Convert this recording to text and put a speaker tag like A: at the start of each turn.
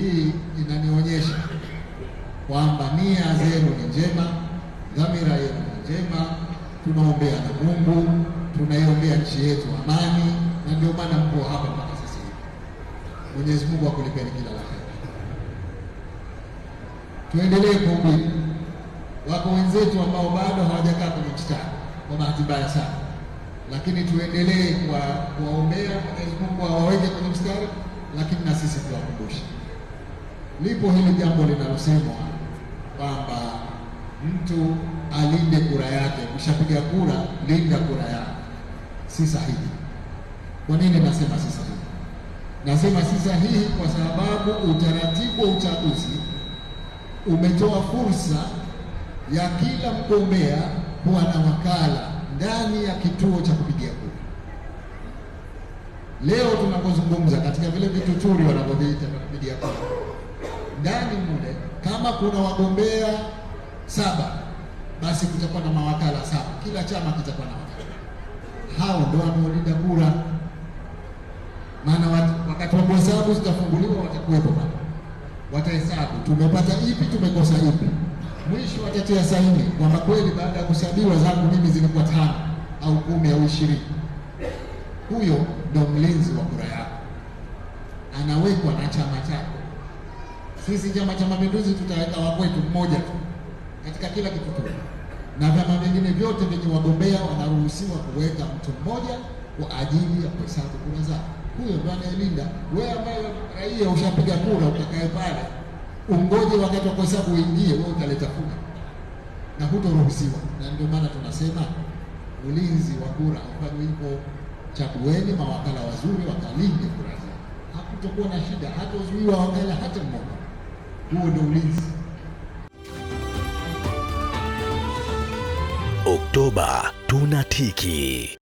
A: Hii inanionyesha kwamba nia zenu ni njema, dhamira yenu ni njema, tunaombea na Mungu, tunaiombea nchi yetu amani, na ndio maana mko hapa mpaka sasa hivi. Mwenyezi Mungu akulipeni kila la heri. Tuendelee kuhubiri. Wako wenzetu ambao bado hawajakaa kwenye mstari, kwa bahati mbaya sana, lakini tuendelee kuwaombea, Mwenyezi Mungu awaweke kwenye mstari, lakini na sisi tuwakumbushe lipo hili jambo linalosemwa kwamba mtu alinde kura yake. Ukishapiga kura, linda kura yako. Si sahihi. Kwa nini nasema si sahihi? Nasema si sahihi kwa sababu utaratibu wa uchaguzi umetoa fursa ya kila mgombea kuwa na wakala ndani ya kituo cha kupigia kura. Leo tunapozungumza katika vile vituchuri wanavyoviita kama kuna wagombea saba basi kutakuwa na mawakala saba, kila chama kitakuwa na wakala. Hao ndio wanaolinda kura, maana wakati wa hesabu zitafunguliwa, watakuwepo pale, watahesabu tumepata ipi, tumekosa ipi, mwisho watatia saini kwamba kweli baada ya kusabiwa zangu mimi zilikuwa tano au kumi au ishirini. Huyo ndio mlinzi wa kura yako, anawekwa na chama chako. Sisi Chama cha Mapinduzi tutaweka wakwetu mmoja tu katika kila kituo, na vyama vingine vyote vyenye wagombea wanaruhusiwa kuweka mtu mmoja kwa ajili ya kuhesabu kura zao. Huyo ndo anayelinda wewe, ambaye raia ushapiga kura, utakaye pale ungoje wakati wa kuhesabu uingie, wewe utaleta kura na hutoruhusiwa. Na ndio maana tunasema ulinzi wa kura ufanywe hivyo. Chagueni mawakala wazuri wakalinde kura zao, hakutokuwa na shida, hatozuiwa wakala hata mmoja. Huu ni ulinzi.
B: Oktoba tunatiki.